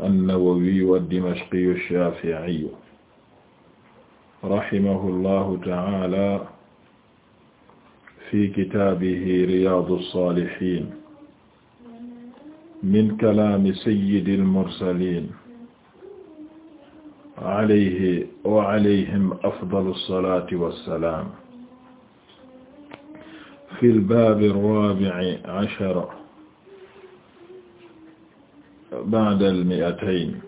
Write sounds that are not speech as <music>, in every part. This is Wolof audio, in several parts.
an-Nawawi ad-Dimashqi ash-Shafi'i rahimahullahu ta'ala fi kitaabihi Riyaadu as-Saalihiin min kalaami sayyidil mursaliin alayhi wa alayhim afdalu as-salaati was-salaam fil baabi ar-raabi'i 'ashar ba'da al-mi'atayn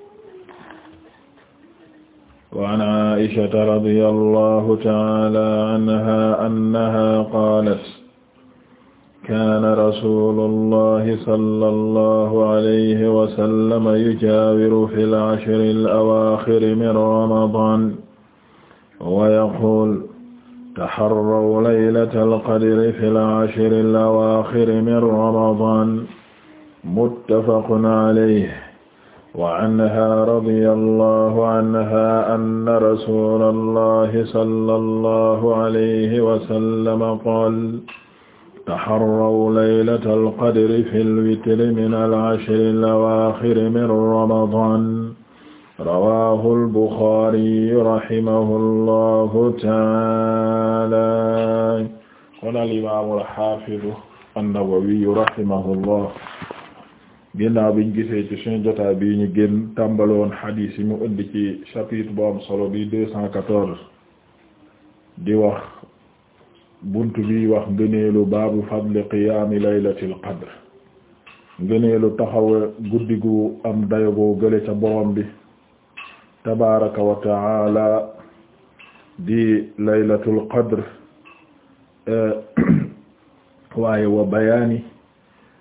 wa an Aisha radiyallahu ta'ala anha annaha qaalat kaana rasuulullahi sallallahu alayhi wa sallam yujaawiru fil ashri al-awaakhiri min ramadaan wa yaquulu taharraw laylatal qadri fil ashri al-awaakhiri min ramadaan muttafaqun alayhi wa anha radiyallahu anha anna rasulallahi sallallahu alayhi wa sallam qaala taharraw laylatal qadri fil witri minal ashril awaakhiri min ramadaan rawaahul buxaari rahimahullahu ta'aala qaala al imaamul haafidu an-nawawi rahimahullah ginnaaw biñ gisee ci suñu jotaay bi ñu génn tàmbaloon xadiis yi mu indi ci chapitre bu solo bi deux cent quatorze di wax bunt bi wax ngëneelu baabu fadli qiyaami laylatil qadr ngëneelu taxawe guddi gu am dayogoo gële ca borom bi tabaraka wa taala di laylatul qadr eh, <coughs> waaye wa bayaani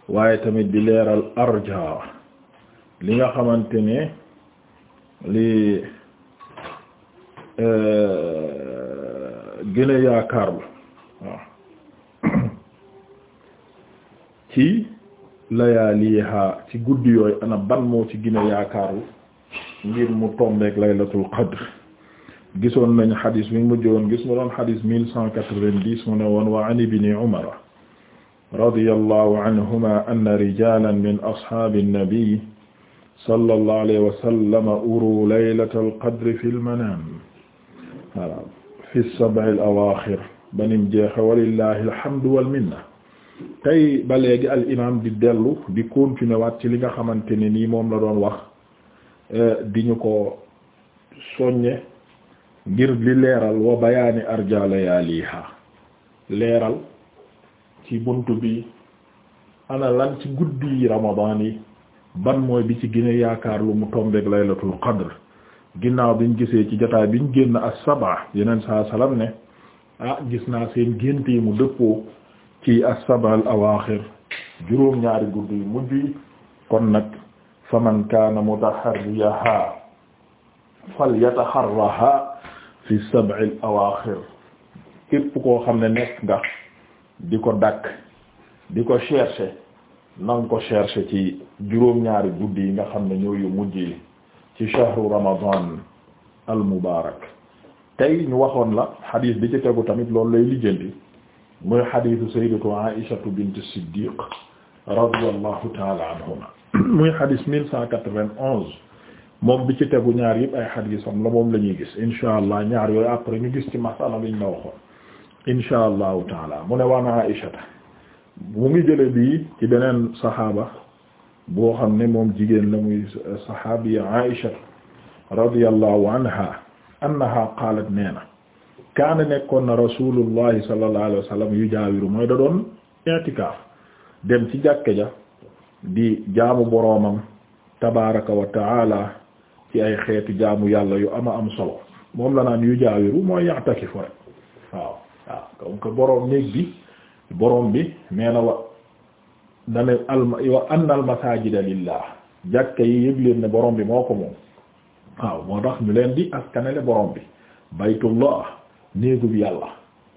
waaye tamit di leeral arja li nga xamante ne li euh, gën a yaakaar la waaw <coughs> ci layaaliha ci guddi yooyu ana ban moo ci gën a yaakaaru ngir mu tombeek laylatul qadr gisoon nañ xadis bi mujj woon gis mu doon xadis mille cent quatre-vingt-dix mu ne woon wa an ibni umara radiyallahu anhuma anna rijalan min ashabi nnabi sallallahu alayhi wa sallam uru laylatal qadri fil manaam voilà fi sab'il awaaxir ba nim jeexe walillahi alhamdu wal minna tey ba léegi al imaam di dellu di continuer waat ci li nga xamante ne nii moom la doon wax eh, di ñu ko soññe ngir li leeral wa bayaani arja layaaliha leeral ci buntu bi ana lan ci guddi yi ramadaan yi ban mooy bi ci gine yaakaar lu mu tombeek laylatul qadr ginnaaw biñ gisee ci jotaay biñ génn as-sab'a yeneen saa salam ne ah gis naa seen gént yi mu dëppoo ci as-sab'a al-awaaxir juróom ñaari guddi yu mujj yi kon nag faman kaana mutaharriyaha falyataharraha fi saba awaaxir képp koo xam ne nekk nga di ko dàq di ko chercher nang ko chercher ci juróom-ñaari guddi yi nga xam ne ñëw yu mujj yi ci shahru ramadan al mubarak tey ñu waxoon la xadiis bi ci tegu tamit loolu lay lijjanti muy xadiisu sayyidatu aishatu bint siddiq radiyallahu taala anhuma muy xadiis mille cent quatre-vingt-onze moom bi ci tegu ñaar yëpp ay xadiisam la moom la ñuy gis insha allah ñaar yooyu après ñu gis ci masala liñ la waxoon insha allahu taala mu ne waan aishata mu ngi jële bii ci beneen saxaaba boo xam ne moom jigéen la muy saxaabiya aisha radiyallahu anha annaha qaalat nee kaana nekkoon na rasulullahi sallallahu alayhi yu jaawiru mooy da i'tikaaf dem ci jàkka ja di jaamu boroomam tabaraka wa taala ci ay xeetu jaamu yàlla yu ama am solo moom la naan yu jaawiru mooy ya'takifu rek waaw comme boroom néeg bi boroom bi nee na wa dane alma wa al masajida lillah jàkka yi yëg leen boroom bi moo ko moom waaw moo tax ñu leen di askanele boroom bi baytullah néegu bi yàlla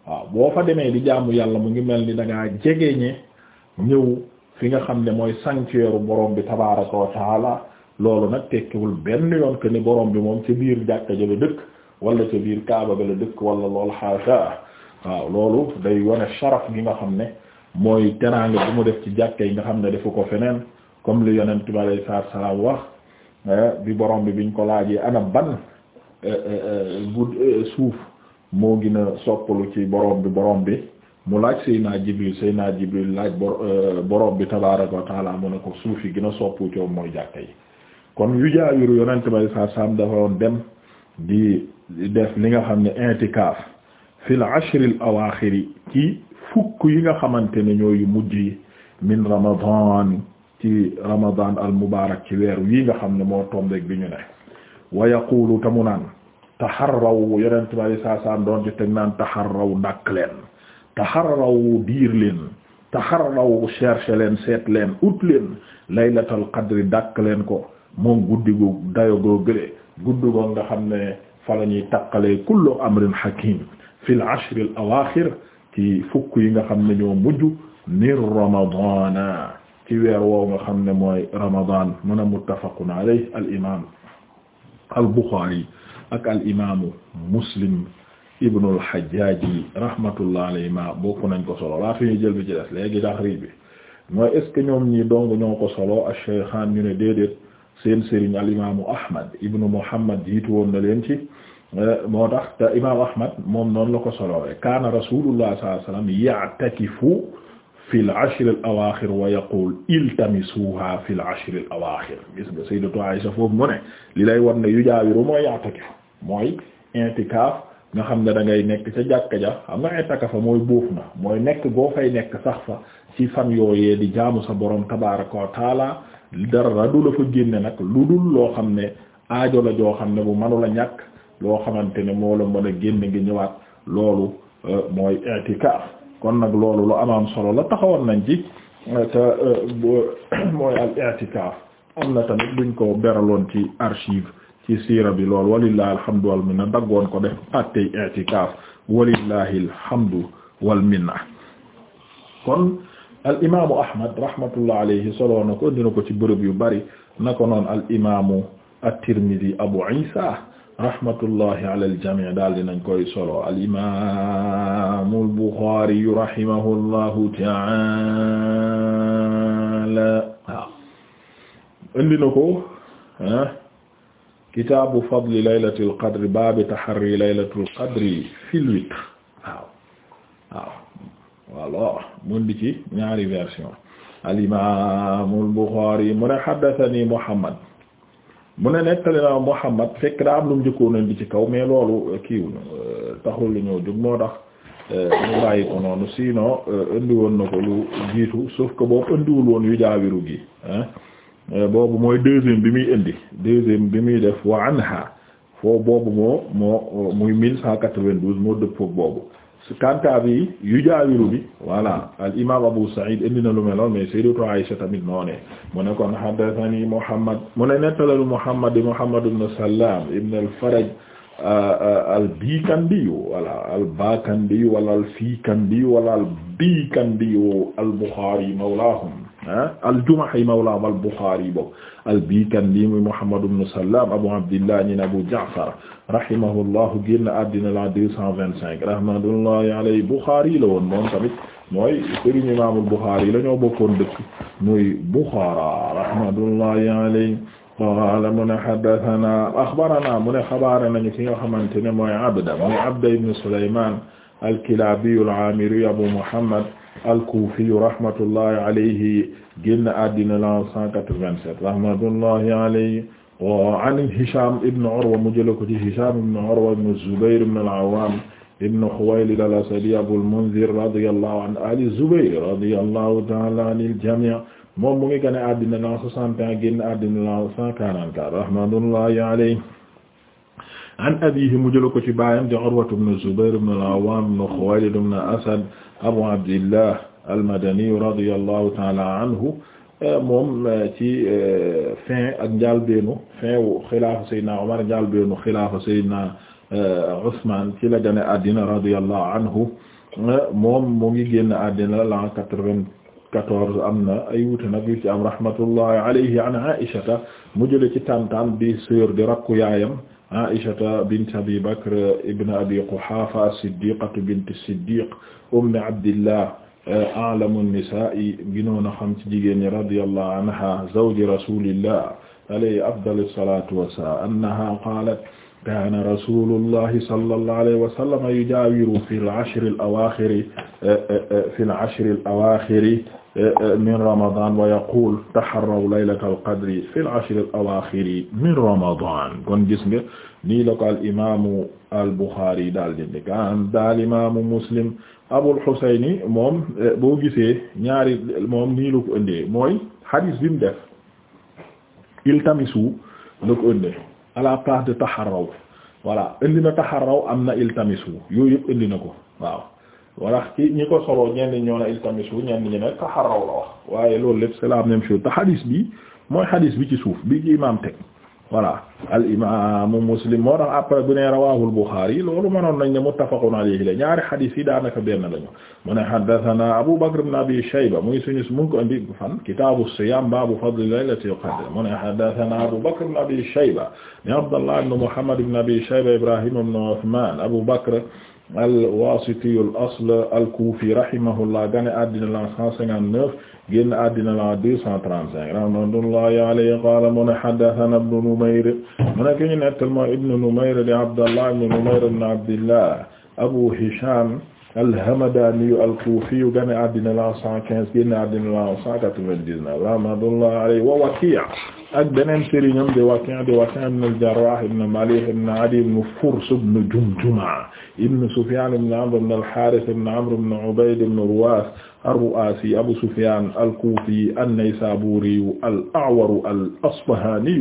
waaw boo fa demee di jàmm yàlla mu ngi mel ni da ngaa jegeñe ñëw fi nga xam ne mooy sanctuaire boroom bi tabaraka wa loolu nag tekkiwul benn yoon que ni boroom bi moom ca biir jàkka ja la dëkk walla ca biir kaaba ba la dëkk wala lool xaasa waaw loolu day wane sharaf gi nga xam ne mooy teraanga bu mu def ci jàkka yi nga xam ne defu ko feneen comme li yeneen bi alayhi salaatu wa wax eh, bi borom bi biñ ko laajee ana ban eh, eh, bu suuf moo gën ci borom bi borom bi mu laaj Seydina Jibril Seydina Jibril laaj borom bi tabaaraka wa taala mu ne ko suuf yi gina a soppu ci mooy jàkka yi kon yu jaayiru yonent bi alayhi dafa woon dem di def li nga xam ne intikaaf fil ashril awaaxiri ci fukk yi nga xamante ne yu mujj yi min ramadan ci ramadan al mubaarak ci weer yi nga xam ne moo tombeeg bi ñu ne wa yaqulu te mu naan taxarraw yonent bari saa saan doon teg naan taxarraw dàkk leen taxarraw diir leen taxarraw chercher leen seet leen ut leen laylatul qadri dàkk leen ko moom guddi gu dayogoo gële guddi goo nga xam ne fa la ñuy taqalee kullu amrin hakim fi l ashri al fukk yi nga xam ne ñoo mujj min ramadana ci weer woow nga xam ne mooy ramadan mun a muttafaqun alayhi al imam al buxaari ak al imaamu muslim ibnu al hajjaaji rahmatullah alayhima bokk nañ ko solo laa fi ñuy jël bi ci des léegi ñoom ñi dong ñoo ko solo ash-shaykhaan ñu ne déedéet seen sëriñ al imaamu ahmad muhammad jiitu woon na leen ci Eh, moo tax te imaam Ahmad moom noonu la ko solowee kaana rasulullah sallallahu alayhi wasallam ya'takifu fi al-ashr al wa yaqul iltamisuha fi al-ashr foofu mu ne li lay war ne yu jaawiru mooy ya'takifu mooy intikaaf nga xam ne da ngay nekk ca jàkka ja xam nga intikaaf mooy buuf na mooy nekk boo fay nekk sax fa ci fan yooyee di jaamu sa borom tabaaraka wa taala dara du la fa génne nag lu dul loo xam ne aajo la joo xam ne bu manu la ñàkk. loo xamante ne moo la mën a génn nga ñëwaat loolu euh, mooy i'tikaaf kon nag loolu lu amaam solo la taxawoon nañ ci euh, te euh, <coughs> mooy al i'tikaaf am na tamit buñ ko beraloon ci archive ci siira bi lool walillahi alhamdu wal minna daggoon ko def attey i'tikaaf walillahi alhamdu wal minna kon al imaamu ahmad rahmatullah alayhi solo na ko dina ko ci bërëb yu bari na ko noon al imaamu at-Tirmidhi Abu Isa rahmatullahi ala aljamii daal dinañ koy solo alimamu albuxaariyu rahimahullahu taala waaw indi na ko kitaabu fadli laylati alqadri baabi taharri laylati alqadri fil witr waaw waaw voilà mun di ci ñaari version alimamu albuxaari mu ne haddathani Muhammad mu ne nettali na Muhammad fekk daa am lu mu njëkkoon a ci kaw mais loolu euh, kiiwul euh, taxul li ñëw jóg moo tax euh, ñu bàyyi ko noonu sinon indi woon na ko lu jiitu sauf que boobu indiwul woon yu jaawiru gi boobu mooy deuxième bi muy indi deuxième bi muy def wa anha foo boobu moo moo muy 1192 moo dëppoo boobu. su kanta bi yu jaawiru bi voilà al imam Abu Sa'id indi na lu mel noonu mais sayyidatu Aisha tamit moo ne mu ne kon hadathani Muhammad mu ne nettalalu Muhammad Muhammad ibn Sallam ibn al-Faraj euh, euh, al-Bikandiyu wala al-Bakandiyu wala al-Fikandiyu wala al-Bikandiyu al-Bukhari mawlahum Ah al-Jumahi mawlaahum al-Bukhari boobu al-Bikandi muy Muhammad ibn Sallam Abu Abdillah ñi Abu Ja'far rahimahullahu génn àddina la 225 rahmatullahi alayhi Bukhari la woon moom tamit mooy sëriñ Imaamul Bukhari la ñoo bokkoon dëkk muy Bukhara rahmatullahi alayhi qaala mu ne haddathana akhbarana mu ne xabaare nañu ki nga xamante ne mooy Abda mooy Abda ibn Sulaymaan al-Kilaabi al-Aamiri Abu Muhammad al-Kufi rahmatullahi alayhi génn àddina la 187 rahmatullahi alayhi wa an Hisham ibn Urwa mu jël ko ci Hisham ibn Urwa ibn Zubayr ibn al-Awwam ibn Khuwaylid al-Asadi Abul Mundhir radiyallahu an ali Zubayr radiyallahu ta'ala anil jami' moom mu ngi génn àddina la 61 génn àddina la 144 rahmatullahi alayhi an abiihi mu jël ko ci baayam di Urwa ibn Zubayr ibn al-Awwam ibn Khuwaylid ibn Asad abu abdillah almadani radiyallahu taala anhu moom ci eh, fin ak njàlbeenu fin wu xilaafa sayyidina Umar njàlbeenu xilaafa sayyidina eh, Usman ci la gane àddina radiyallahu anhu moom mu ngi génn àddina la 94 am na ay wuute nag yu ci am rahmatullahi alayhi an Aisha mu jële ci tantam bi sœur di rakku yaayam Aïchata bint Abi Bakr ibn Abi Quhaafa as-Siddiqatu bint as-Siddiq ummi Abdillah a'lamu an-nisaa'i gënoon a xam ci jigéen ñi radiyallahu anha zawji rasulillah alayhi afdalu salaatu wa salaam annaha qaalat kaana rasuulullahi sallallahu alayhi wa sallam yujaawiru fil ashri al-awaakhiri fil ashri al-awaakhiri Eh, eh, min ramadan wa yaqul taharraw laylata alqadri fi al-ashr al-awaakhir min ramadan kon gis nga nii la ko al imaamu al Bukhari daal di nekk daal imaamu Muslim Abul Husayni moom eh, boo gisee ñaari moom nii la ko ëndee mooy hadis bi mu def iltamisu la ko ëndee à la place de taharraw voilà indi na taharraw am na iltamisu yooyu yëpp indi na ko waaw. wala ci ñi ko soloo ñenn ñoo na iltamisu ñenn ñi nag taxarraw la wax waaye loolu lépp c'est la même chose te xadis bi mooy xadis bi ci suuf bi ci imaam teg voilà al imaamu muslim moo tax après bu nee rawaahul Buxaari loolu mënoon nañ ne muttafaqun alayhi la ñaari xadis yi daanaka benn lañu mu ne haddathana Abu Bakr ibn Abi Shayba muy suñu mu ngi ko indi fan kitaabu siyaam baabu fadli laylati qadr mu ne haddathana Abu Bakr ibn Abi Shayba ni Abdallah ibn Muhammad ibn Abi Shayba Ibrahim ibn Uthman Abu Bakr al-Wasitiyu al-asl al-Kufi rahimahullah gane addina la 159 génn addina la 235 rahmatullahi alayhi qala mu ne haddathana ibnu Numayr mu ne ki ñu nettal mooy ibnu Numayr di Abdallah ibnu Numayr ibnu Abdillah Abu Hisham al-Hamadaniyu al-Kufiyu gane addina la 115 génn addina la 199 rahmatullahi alayhi wa Waki' ak beneen sëriñam di Waki' di Waki' ibn al-Jarrah ibn Malih ibn Adi ibn Furs ibn Jumjuma ibn Sufyan ibn Amr ibn al-Harith ibn Amr ibn Ubayd ibn Ruwas ar-Ru'asi Abu Sufyan al-Kufi an-Naysaburi al-A'war al-Asbahani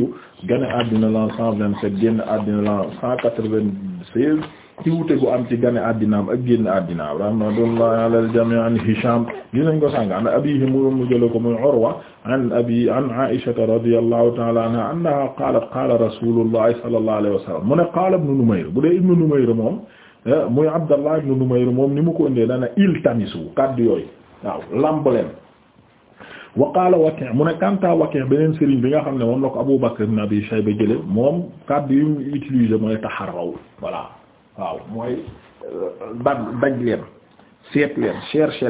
gane àddina la 127 génn àddina la 196 ci wuute gu am ci gane àddinaam ak génn àddinaam rahmatullahi ala al-jami' an Hisham dinañ ko sàng an abihi mu mu jële ko muy Urwa an abi an Aisha radiyallahu ta'ala anha annaha qalat qala rasulullahi sallallahu alayhi wa sallam mu ne qala ibn Numayr bu dee ibn Numayr moom Eh, muy Abdallah ibn Numayr moom ni mu ko indee dana iltamisu kaddu yooyu waaw lamb leen mu ne kanta Waki' beneen sëriñ bi nga xam ne moom la ko Abu Bakr ibn Abi Shayba jële moom kaddu yu mu utilisé mooy taxarraw voilà waaw mooy daj euh, daj leen seet leen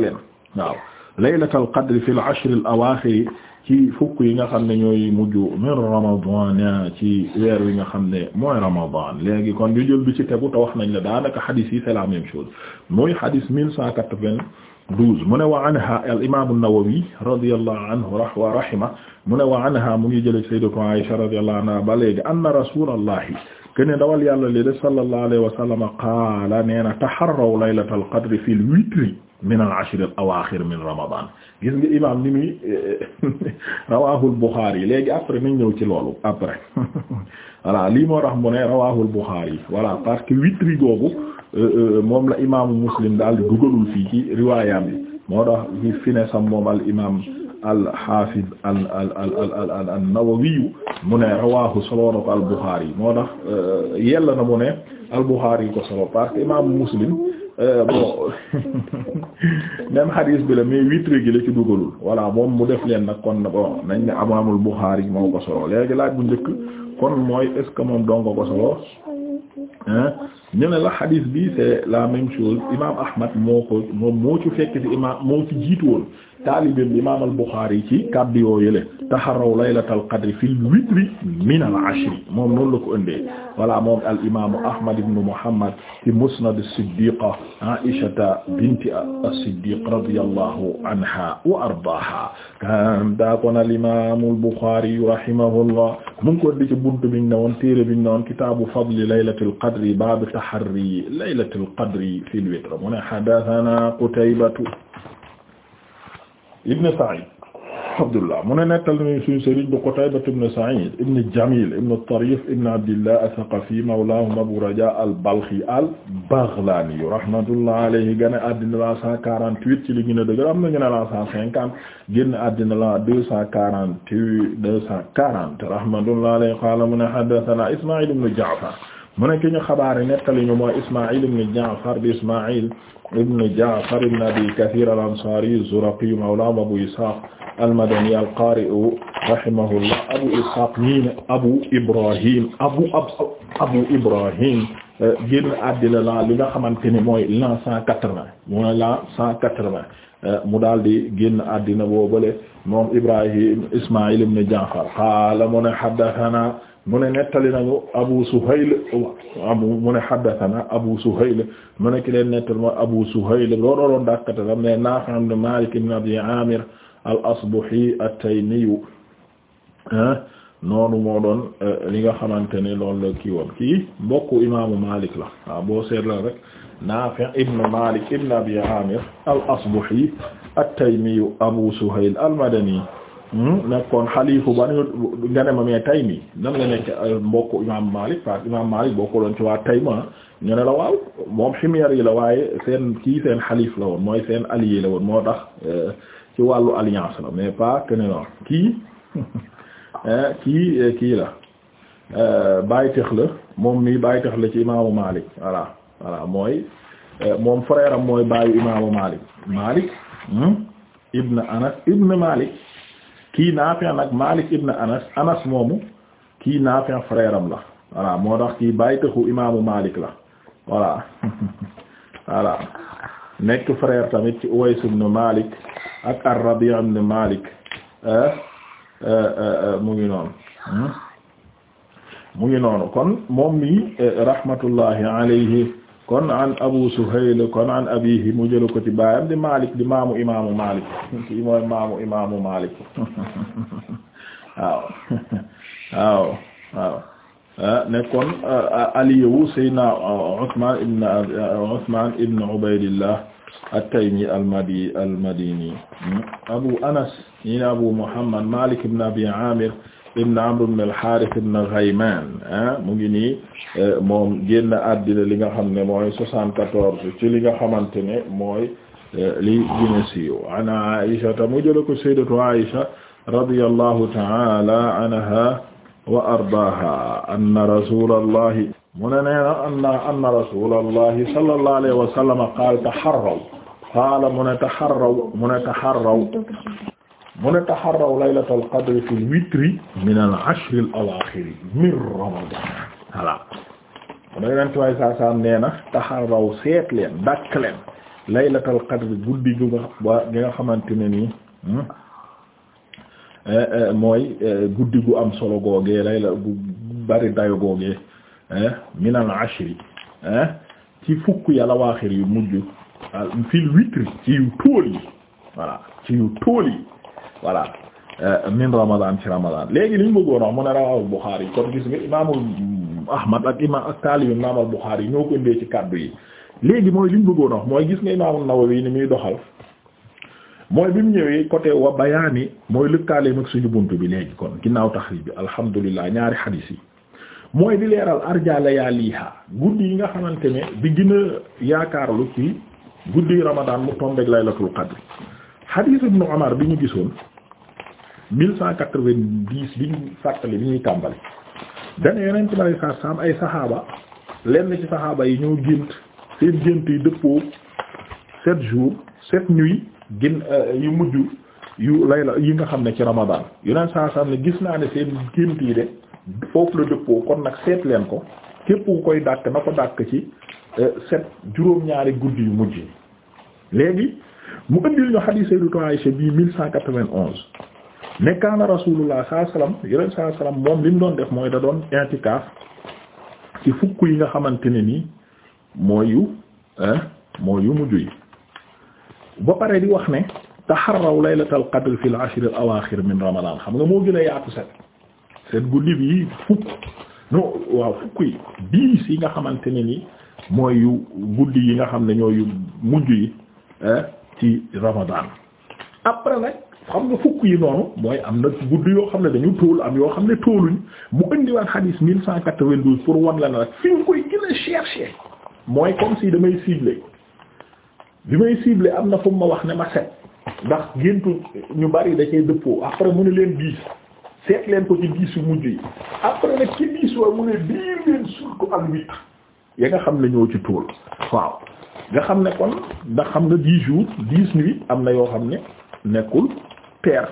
leen waaw laylatul qadr fil ashr al awaakhir ci fukk yi nga xam ne ñooy mujj min ramadan ci weer wi nga xam ne mooy ramadan léegi kon ñu jël bi ci tegu te wax nañ la daanaka xadis yi c'est la même chose mooy xadis mille cent quatre-vingt-douze mu ne wa anha al imam an-Nawawi radiyallahu anhu wa rahima mu ne wa anha mu ngi jële sayyidatu Aisha radiyallahu anha ba léegi anna rasulallahi kene dawal yàlla li de sallallahu alayhi wa sallam qaala nee na taharraw laylatal qadri fil witri min al ashr al awaaxir min ramadan gis nga imaam ni muy rawaahul Buxaari léegi après nañ ñëw ci loolu après <laughs> voilà lii moo tax mu ne rawaahul Buxaari voilà parce que witri googu euh, euh, moom la imaamu Muslim daal di dugalul fii ci riwaayam bi moo tax fi ne sam moom al imaam. al-Hafiz al al al al an-Nawawi mu ne rawaahu solo na ko al-Bukhari moo tax euh, yella na mu ne al-Bukhari ko solo parce que imaamu Muslim euh, bon <laughs> même bi la mais vitre gi la ci dugalul voilà moom mu def leen nag kon bon nañ ne imaamul Bukhari moo ko solo léegi laaj bu njëkk kon mooy est-ce que moom dongo ko solo ñu ne la hadith bi c'est la même chose imaam Ahmad moo ko moom moo ci fekk ci imaam moo ci jiitu woon. taalibe bi imaam al-Bukhari ci kàddu yoo yële taxaraw laylatal qadri fil witri min al ashri moom noonu la ko ëndee voilà moom al imaamu Ahmad ibn Muhammad ci musnad as-siddiqa Aishata binti as-siddiq radiyallahu anha wa ardaaha kan daa kon al imaamu al-Bukhari rahimahullah mu ngi ko ëndi ci buntu bi ñu ne woon téere bi ñu ne woon kitaabu fadli laylatil qadri baabu taharri laylatil qadri fil witri mu ne haddathana Qutaybatu Ibn Sa'id Abdullah mu ne nettal nañu suñu sëriñ bu Qutayba ibn Sa'id ibn Jamil ibn Tarif ibn Abdillah Ath-Thaqafi mawlahum Abu Raja al-Balkhi al-Baghlani rahmatullah alayhi génn àddina la 148 ci li gën a dëgër am na ñu ne la 150 génn àddina la 248 240 rahmatullah alayhi qala mu ne haddathana Isma'il ibn Ja'far mu ne ki ñu xabaare nettali ñu mooy Isma'il ibn Ja'far bi Isma'il ibn Ja'far ibn Abi Kathir al-Ansari az-Zuraqi mawlaahum Abu Ishaq al-Madani al-Qari rahimahullah Abu Ishaq ñii ne Abu Ibrahim Abu Abu Ibrahim eh, génn àddina la li nga xamante ni mooy l'an cent quatre-vingts mooy l'an cent quatre-vingts eh, mu daal di génn àddina boobale moom Ibrahim Ismaïl ibn Ja'far qaala mu ne haddathana mune nettali nañu Abu Suhayl abu mu ne haddathana Abu Suhayl mu ne ki leen nettali mooy Abu Suhayl loo doon dàkkatalam ne Naafi' ibn Maalik ibn Abi Aamir al-Asbahi at-Taymi ah, noonu moo doon euh, li nga xamante ne loolu la kii woon kii mbokku imaamu rek Naafi' ibn Maalik ibn Abi Aamir al-Asbahi at-Taymi Abu Suhayl al-Madani Hmm? nekkoon xalifu ba nga ne ma mais Taymi nan nga nekk euh, mbokk imam Malik parce que imam Malik bokkuloon ci waa Tayma ñu ne la waaw moom Himyar yi la waaye seen kii seen xalif la woon mooy seen allié la woon moo tax euh, ci wàllu alliance la mais pas que ne <laughs> euh, kii la bàyyi la moom mii bàyyi la ci imaamu Malik voilà voilà mooy moom frère mooy bàyyi imaamu Malik Malik hmm? ibn Anas ibn Malik kii Naafi' nag Malik ibn Anas Anas moomu kii Naafi' am la voilà moo tax kii bàyyi taxu Malik la voilà <laughs> voilà nekk frère tamit ci Uways ibn Malik ak ar-Rabi' ibn Malik eh? Eh, eh, mu ngi noonu hmm? mu ngi noonu kon moom mi rahmatullahi alayhi kon an Abu Suhayl kon an abihi mu jël ko ci baayam di Malik di maamu imaamu Malik kii mooy maamu imaamu Malik <laughs> <laughs> waaw waaw waaw nekkoon uh, aliyewu Seydina uh, Usman ibn uh, Usman ibn Ubaydillah at-Taymi al-Madi al-Madini hmm? Abu Anas ñi Abu Muhammad Malik ibn Abi Amir ibn Amr ibn al-Harith ibn Ghayman ah, mu ngi nii eh, moom génn àddina li nga xam ne mooy soixante-quatorze ci li nga xamante ne mooy eh, li gën a siiw an Aisha ta mu jëla ko sayyidatu Aisha radiyallahu ta'ala anha wa ardaaha anna rasulallahi mu ne neena anna anna rasulallahi sallallahu alayhi wa sallam qaala taharraw qaala mu ne taharraw mu ne taharraw mu ne taxarraw laylatul qadri fil witri min al ashr al awaaxir min ramadan voilà mu ne ren tuwaay saa saa nee na taxarraw seet leen dàkk leen laylatul qadri guddi gu ba nga xamante ne nii hmm? eh, eh, mooy eh, guddi gu am solo googe layla gu bari dayo googee min al ashri ci fukk yàlla waaxir yu mujj fil witri ci yu tóol yi voilà ci yu tóol yi voilà euh, min ramadan ci ramadan léegi liñ bëggoon wax mu ne rawal Bukhari kon gis nga imaamul Ahmad ak imaam ak taalibu imaamul Bukhari ñoo ko indee ci kàddu yi léegi mooy liñ bëggoon wax mooy gis nga imaamul Nawawi ni muy doxal mooy bi mu ñëwee côté wa bayaani mooy lëkkaaleem ak suñu bunt bi léegi kon ginnaaw taxrij bi alhamdulilah ñaari xadiis yi mooy di leeral arja layaaliha guddi yi nga xamante ne bi gën a yaakaarlu ci guddi ramadan bi ñu gisoon mille cent quatre-vingt-dix bi ñu fàttali bi ñuy tàmbali dana yeneen ci bari saa saam ay saxaaba lenn ci saxaaba yi ñoo gént seen gént yi dëppoo sept jours sept nuits gin euh, yu mujj yu lay la yi nga xam ne ci ramadan yeneen saa saam ne gis naa ne seen gént yi de foofu la dëppoo kon nag seet leen ko képp ku koy dàkk na ko dàkk ci euh, sept juróom-ñaari guddi yu mujj léegi mu indil ñu hadith Sayyidatu Aisha bii mille cent quatre-vingt-onze nekkaan na rasulullah saa salaam yeneen saa moom li doon def mooy da doon i'tikaaf ci fukk yi nga xamante ne nii mooy yu mooy yu mujj yi ba pare di wax ne taxarraw laylatal qadr fil ashr al awaaxir min ramadan xam nga moo gën a yaatu set set guddi bi fukk non waaw fukk yi biis yi nga xamante ne nii mooy yu guddi yi nga xam ne ñooy yu mujj yi ci ramadan après nag xam nga fukk yi noonu mooy am na guddi yoo xam ne dañu tóol am yoo xam ne tóoluñ mu indiwaat xadiis mille cent quatre-vingt-douze pour wan la na rek fi nga koy gën chercher mooy comme si damay cibler bi may cibler am na fu ma wax ne ma set ndax géntu ñu bari da cee dëppoo après mu ne leen diis seet leen ko ci diis yu mujj yi après nag ci diis waaye mu ne diir leen surtout ak huit ya nga xam ne ñoo ci tóol waaw nga xam ne kon ndax xam nga dix jours dix nuits am na yoo xam ne nekkul paire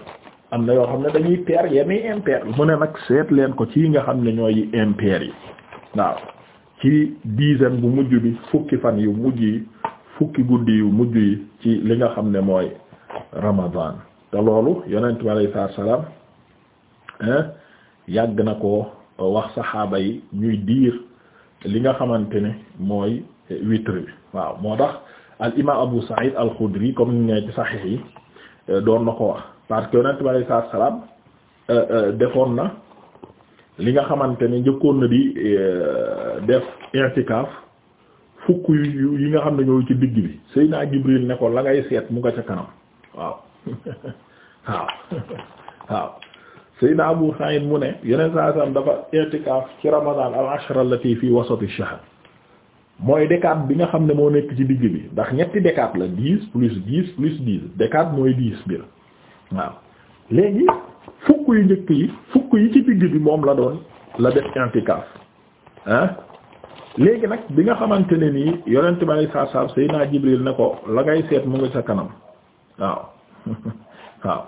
am na yoo xam ne dañuy paire yenn impaire mu ne nag seet leen ko ci nga xam ne ñooy impaire yi waaw ci dizaine bu mujj bi fukki fan yu mujj yi fukki guddi yu mujj yi ci li nga xam ne mooy ramadan te loolu yonent bi alayhi salaam yàgg na ko wax saxaaba yi ñuy diir li nga xamante ne mooy witre bi waaw moo tax al imaam Abu Sa'id al Khudri comme ni ñu ci saxiix yi doon na ko wax parce que yonent bi alayhi salaatu euh, euh, defoon na li nga xamante ne njëkkoon na di euh, def i'tikaaf fukk yi nga xam ne ñooy ci digg bi Seydina Jibril ne ko la ngay seet mu nga ca kanam waaw <laughs> waaw <laughs> waaw Seydina Abu mu ne yeneen saa salaam dafa i'tikaaf ci Ramadan al-ashra allati fi wasati ash mooy décade bi nga xam ne moo nekk ci digg bi ndax ñetti décade la dix plus dix plus dix décade mooy dix biir waaw léegi fukk yu njëkk yi fukk yi ci digg bi moom la doon la def intikaaf ah léegi nag bi nga xamante ne nii yonent bi saa saa Seydina Jibril ne ko la ngay seet mu ngi sa kanam waaw <laughs> waaw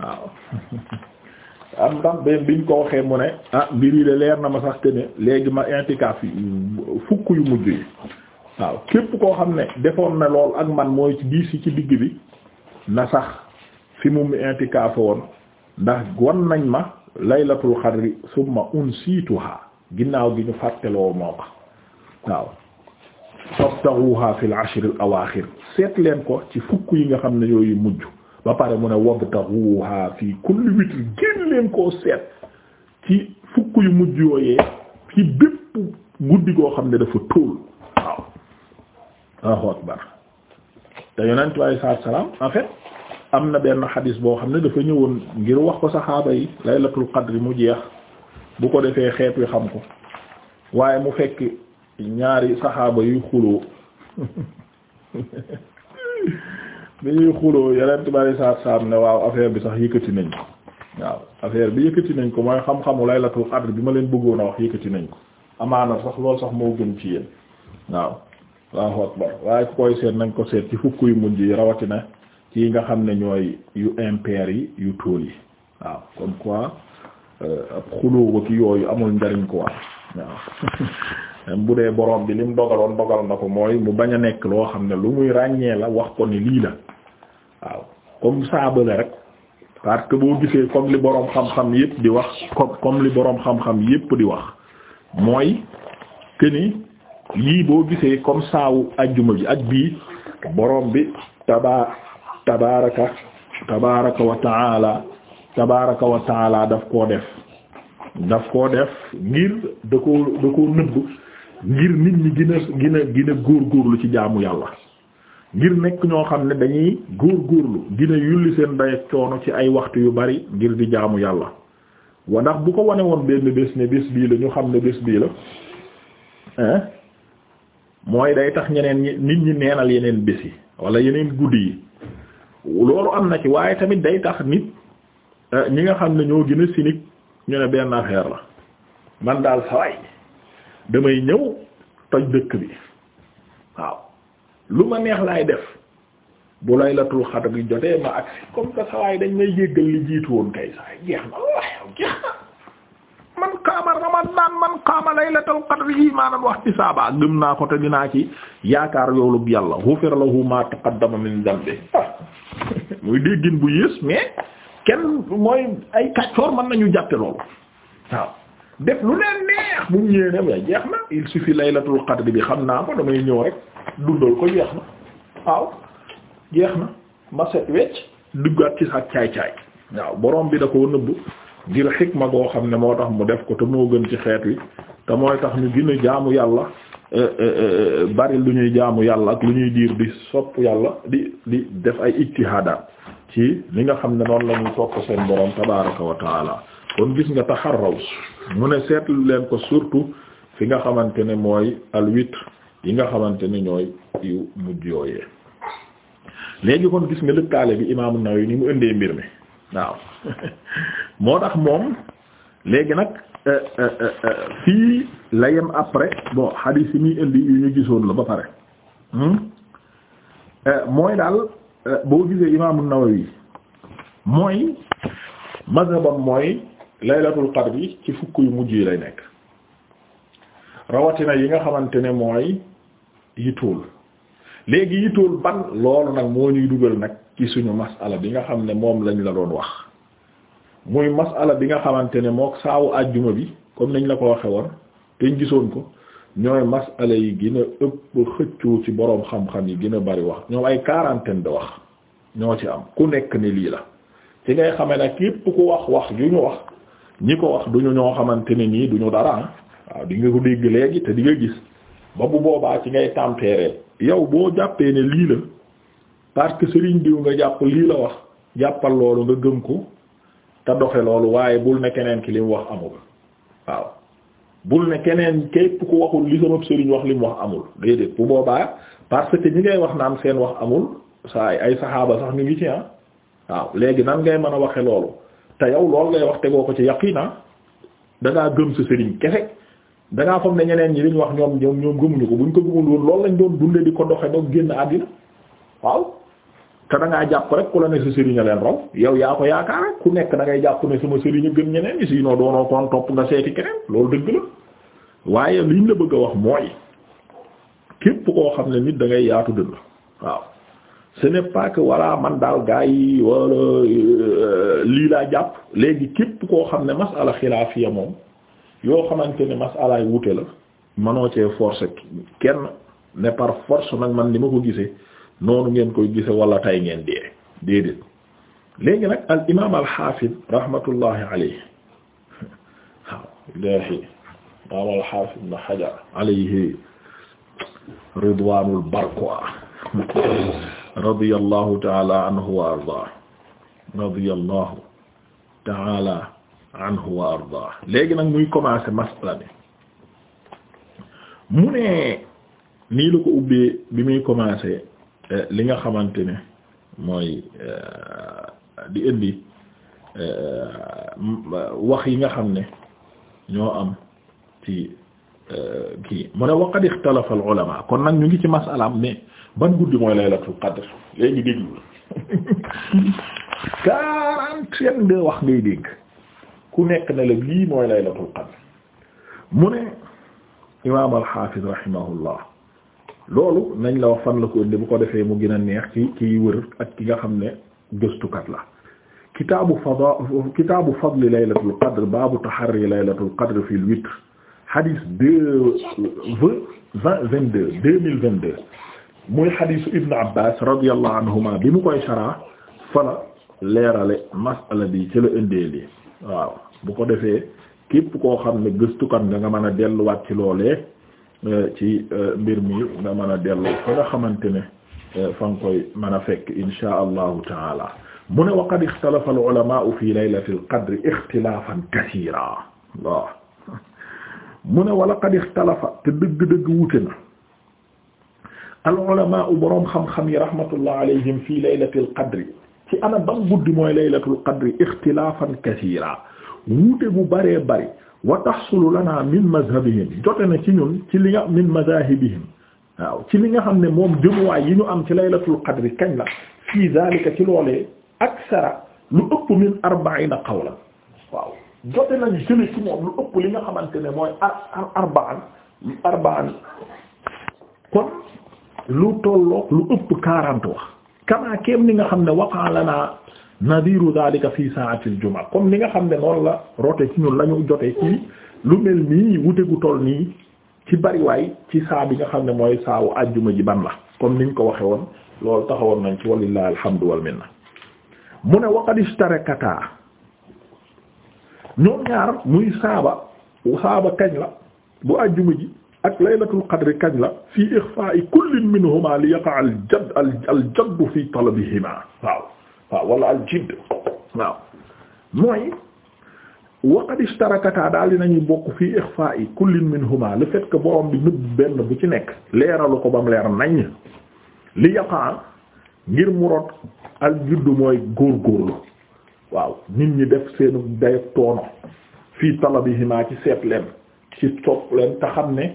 waaw <laughs> am ndax benn biñ ko waxee mu ne ah mbir de leer na ma sax te ne léegi ma intikaaf fukk yu mujj yi waaw képp koo xam ne defoon na lool ak man mooy ci yi ci digg bi na sax. fi mu i'tikaaf woon ndax wan nañ ma laylatul xadri summa unsituha ginnaaw gi ñu fàtteloo moo ko waaw fabtaghuha fil ashr al awaaxir seet leen ko ci fukk yi nga xam ne yooyu mujj ba pare mu ne wabtaghuha fi kulli witr génn leen koo seet ci fukk yu mujj yooyee ci bépp guddi goo xam ne dafa tóol waaw waaw akbar te yonent bi alayhi salaam en am na benn xadis boo xam ne dafa ñëwoon ngir wax ko saxaaba yi laylatul qadr mu jeex bu ko defee xeet wi xam ko waaye mu fekk ñaari saxaaba yuy xuloo <laughs> bi ñuy xuloo yeneen bari saat saam ne waaw affaire bi sax yëkkati nañ ko waaw affaire bi yëkkati nañ ko mooy xam-xamu laylatul qadr bi ma leen bëggoon a wax yëkkati nañ ko amaana sax loolu sax moo gën ci yéen waaw waaw akbar waaye ku koy seet nañ ko seet ci fukk yu mujj yi rawatina ci nga xam ne ñooy yu impair yi yu tóol yi waaw comme quoi euh, ab xulóoba ki yooyu amul njariñ quoi waaw <laughs> bu dee borom bi lim dogaloon dogal na ko mooy mu bañ a nekk loo xam ne lu muy ràññee la wax ko ni lii la waaw comme saaba la rek parce que boo gisee comme li boroom xam-xam yépp di wax comme li boroom xam yépp di wax mooy que ni lii boo gisee comme saabu ajjuma ji ak bii boroom bi taba tabaraka tabaraka wa taala tabaraka daf koo def daf koo def ngir da koo da koo nëbb ngir nit ñi gën a gën a gën ci jaamu yàlla ngir nekk ñoo xam ne dañuy góorgóorlu gën a yulli seen day coono ci ay waxtu yu bari ngir di jaamu yàlla wa ndax bu ko wane woon benn bés ne bés bii la ñu xam ne bés bii la mooy day tax ñeneen ñi nit ñi neenal yeneen bés yi wala yeneen guddi yi loolu am na ci waaye tamit day tax nit euh, ñi nga xam ne ñoo gën a cynique ñu ne benn affaire la man daal saway damay ñëw toj dëkk bi waaw lu ma neex laay def bu laylatul xadr bi jotee ma agsi comme que sawaay dañ may jéggal li jiitu woon kay saay jeex na waaw waat naan man qaama laylatal qadri imaanan wa ihtisaaba gëm naa ko te dinaa ci yaakaar yoolub yàlla ghufira lahu ma taqaddama min <laughs> muy déggin bu yées mais kenn mooy ay kàccoor mën nañu jàppe loolu waaw def lu leen neex bu ñëwee ne waaye jeex na il suffit laylatul qadri bi xam naa ko damay ñëw rek dundal ko jeex na waaw jeex na ma wecc duggaat ci sa caay caay waaw borom bi da koo nëbb ngir xikma goo xam ne moo tax mu def ko te moo gën ci xeet wi te mooy tax ñu gën a jaamu yàlla euh, euh, euh, bari lu ñuy jaamu yàlla ak lu ñuy diir di sopp yàlla di di def ay ijtihaadaat ci li nga xam ne noonu la ñuy topp seen borom tabaraka wa kon gis nga taxarraw mu ne seetlu leen ko surtout fi nga xamante ne mooy alwitre yi nga xamante ne ñooy yu mujj yooyee léegi kon gis nga lëkkaale bi imaamu Nawawi ni mu indee mbir mi waaw moo tax moom léegi nag euh, euh, euh, fii la yem après bon hadith yi muy indi yu ñu gisoon la ba pare hmm? mooy daal boo gisee imaam an-Nawawi mooy mazhabam mooy laylatul qadr bi ci fukk yu mujj yi lay nekk rawatina yi nga xamante ne mooy yi tóol léegi yi tóol ban loolu nag moo ñuy dugal nag ci suñu masala bi nga xam ne moom lañ la doon wax muy masala bi nga xamante ne mook saawu àjjuma bi comme nañ la ko waxe woon te ñu gisoon ko ñooy masala yi gën a ëpp xëccoo ci boroom xam-xam yi gën a bari wax ñoom ay quarantaine de wax ñoo ci am ku nekk ni lii la ci ngay xamee nag képp ku wax wax yu ñu wax ñi ko wax duñu ñoo xamante ne nii duñu dara ah. waaw di ko dégg léegi te di gis ba bu boobaa ci ngay tempérer yow boo jàppee ne lii la parce que sëriñ diw nga jàpp lii la wax jàppal loolu nga gëm ko te doxe loolu waaye bul ne keneen ki li wax amul waaw bul ne keneen képp ku waxul li sama sëriñ wax li mu wax amul déedéet bu boobaa parce que ñi ngay wax naan seen wax amul saa ay saxaaba sax ñu ngi ci ah waaw léegi nan ngay mën a waxe loolu te yow loolu ngay wax tegoo ko ci yaqina ah da ngaa gëm sa sëriñ kese da ngaa foog ne ñeneen ñi li ñu wax ñoom ñoom ñoom gëmuñu ko bu ko gëmul lañ doon dunde di ko doxe ba génn àddina waaw te da ngaa jàpp rek ku la ne sa sëriñ a leen raw yow yaa ko yaakaar rek ku nekk da jàpp ne sama sëriñ gën ñeneen ñi sinon doonoo koon topp nga seeti keneen loolu dëgg la waaye bëgg wax mooy képp koo xam ne nit da ngay yaatu dënn waaw ce n'est man daal gaa yi euh, lii laa jàpp léegi képp koo xam ne masala xilaafiya moom yoo xamante ne masalaay wute la manoo cee forcer kenn ne par force nag man li ma ko gisee noonu ngeen koy gise wala tay ngeen dee déedéet léegi nag al imaam al xaafid rahmatullahi alayhi waaw ilaahi imaam na xajar alayhi ridwaanul barqwa radiyallahu taala anhu wa ardaa radiyallahu taala anhu wa ardaa léegi nag muy commencer masala bi mu ne nii la ko ubbee bi muy commencer Eh, li nga xamante ne mooy eh, di indi eh, wax yi nga xam ne ñoo am ci kii mu ne waqad ixtalafa al ulama kon nag ñu ngi ci masalaam ne ban guddi mooy laylatul qadr léegi déglu <laughs> quarante deux wax ngay dégg ku nekk na la lii mooy laylatul qadr mu ne imaam al-Hafiz rahimahullah loolu nañ la wax fan la ko indi bu ko defee mu gën a neex ci kiy wër ak ki nga xam ne gëstukat la kitaabu fada kitaabu fadli laylatul qadr baabu taharri laylatul qadr fil witr hadith deux vingt vingt deux deux mille vingt deux muy hadithu Ibn Abbas radiyallahu anhuma bi mu koy saraa fala leerale masala bi ci la indee lii waaw bu ko defee képp koo xam ne gëstukat nga nga mën a delluwaat ci loolee Euh, ci euh, mbir mi nga mën a dellu fa nga xamante ne euh, fa nga koy mën a fekk insha allahu taala mu ne wa qad ixtalafa al ulama fi laylati al qadr ixtilaafan kasiira waaw mu ne wala qad ixtalafa te dëgg-dëgg wute na al ulama boroom xam-xam yi rahmatullah alayhim fi laylati al qadr ci ana ban guddi mooy laylatul qadr ixtilaafan kasiira wuute bu bare bare wa tahsulu lana min mazhabihim jote na ci ñun ci li nga min mazahibihim waaw ci li nga xam ne moom jëmuwaay yi ñu am ci laylatul qadri kañ la fii daalika ci loolee aksara lu ëpp min arbaina qawlan waaw jote nañ jële ci moom lu ëpp li nga xamante ne mooy ar arbaan arbaan kon lu tolloog lu ëpp quarante wax kamaa kéem ni nga xam ne waqaa lanaa nadiru daalika fii sa'atil juma comme ni nga xam ne noonu la rote ci ñun la ñu jotee ci lu mel nii wute gu toll nii ci bariwaay ci saa bi nga xam ne mooy saawu àjjuma ji ban la comme niñ ko waxe woon loolu taxawoon nañ ci walillahi alhamdu wal minna mu ne waqad ishtarakata ñoom ñaar muy saaba saaba kañ la bu àjjuma ji ak laylatul qadri kañ la fii ixfaa'i kullin minhuma li yaqa al jadd al jadd fi talabihima waaw waaw al jidd waaw mooy waqad ishtarakataa daal dinañuy bokk fii ixfaa'i kullin minhuma le fait que borom bi nëbb benn bu ci nekk leeralu ko ba mu leer naññ li yaqa ngir mu rot al judd mooy góorgóorlu waaw nit ñi def seenu day toono fii talabihima ci seet ci sopp leen te xam ne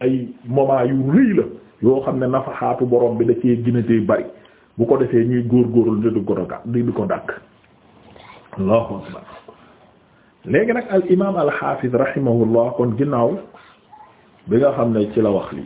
ay moment yu rëy la yoo xam ne nafaxaatu borom bi da cee gënatee bari bu ko defee ñuy góorgóorlu di du ko daka di du ko dàkk allahu akbar léegi nag al imaam al xaafiz rahimahullah kon ginnaaw bi nga xam ne ci la wax lii